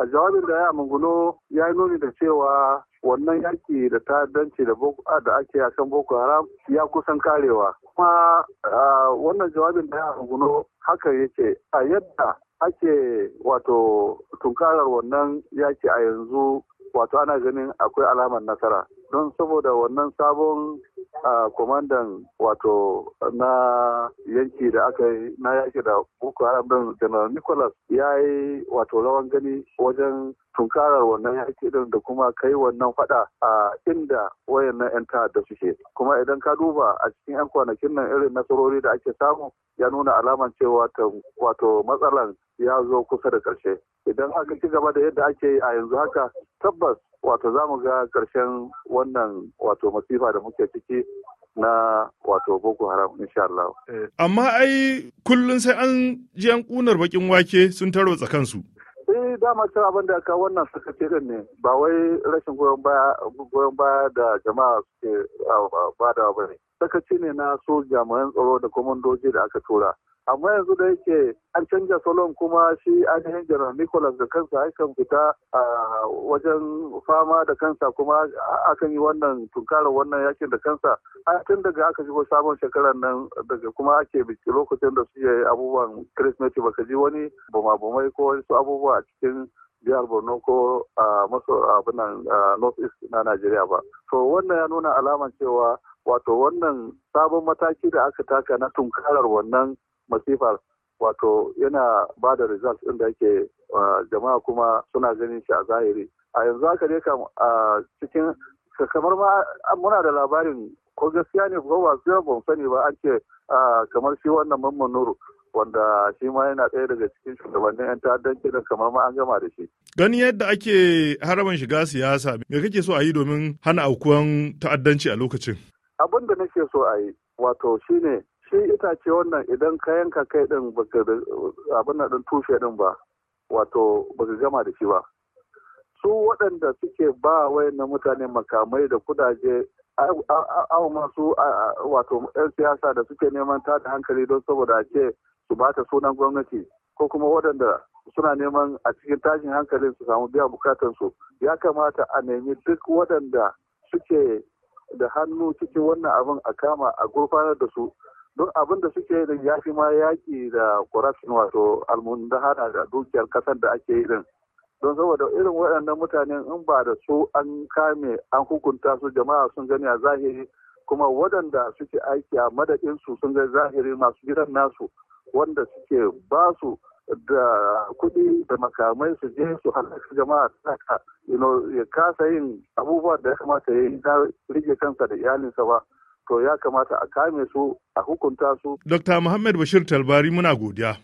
a jawabin da ya manguno ya yi nuni da cewa wannan yaki da ta'addanci da da ake a kan boko haram ya kusan karewa kuma wannan jawabin da ya manguno haka yake a yadda ake wato tunkarar wannan yaki a yanzu wato ana ganin akwai alamar nasara don saboda wannan sabon a komandan wato na yanki da aka yi na yaki da boko haram din general nicholas ya yi wato rawan gani wajen tunkarar wannan yaki din da kuma kai wannan fada a inda wayannan 'yan ta'adda suke kuma idan ka duba a cikin 'yan kwanakin nan irin nasarori da ake samu ya nuna alaman cewa wato matsalan ya zo kusa da ƙarshe idan aka ci gaba da yadda ake yi a yanzu haka tabbas wato za mu ga ƙarshen wannan wato masifa da muke ciki na wato boko haram insha Allah. Eh, amma ai kullum sai an ji an kunar bakin wake sun taro tsakansu Eh dama can abin da aka wannan suka ce ne ba wai rashin goyon baya goyon baya da jama'a suke ah, badawa bane. Sakaci ne na so jami'an tsaro da komandoji da aka tura. amma yanzu da yake an canja salon kuma shi ainihin general nicholas da kansa aikan fita a wajen fama da kansa kuma akan yi wannan tunkarar wannan yakin da kansa a tun daga aka shigo sabon shekarar nan daga kuma ake biki lokacin da su abubuwan kirismeti baka ji wani bumabumai ko wasu abubuwa a cikin jihar borno ko a maso abinan north east na nigeria ba to wannan ya nuna alaman cewa wato wannan sabon mataki da aka taka na tunkarar wannan masifar wato yana ba da results ɗin da yake jama'a kuma suna ganin shi a zahiri a yanzu haka dai kam a cikin kamar ma muna da labarin ko gaskiya ne ko ba su ban sani ba an ce kamar shi wannan mamman nuru wanda shi ma yana ɗaya daga cikin shugabannin 'yan ta'addanci da kamar ma an gama da shi. Gani yadda ake haraban shiga siyasa me kake so a yi domin hana aukuwan ta'addanci a lokacin? Abin da nake so a yi wato shine shi itace wannan idan kayan ka kai din baka abin nan din tushe din ba wato baka gama da shi ba su waɗanda suke ba wayannan mutane makamai da kudaje awa masu wato 'yan siyasa da suke neman tada hankali don saboda a ce su bata sunan gwamnati ko kuma waɗanda suna neman a cikin tashin hankalin su samu biya bukatansu ya kamata a nemi duk waɗanda suke da hannu cikin wannan abin a kama a gurfanar da su don abin da suke da ya fi ma yaƙi da corruption wato almun da dukiyar kasar da ake yi din don saboda irin waɗannan mutane in ba da su an kame an hukunta su jama'a sun gani a zahiri kuma waɗanda suke aiki a madadin su sun ga zahiri masu gidan nasu wanda suke ba su da kuɗi da makamai su je su halaka jama'a taka ya kasa yin abubuwa da ya kamata ya yi na rike kansa da iyalinsa ba to ya kamata a kame su a hukunta su. Dr. Muhammad Bashir Talbari muna godiya.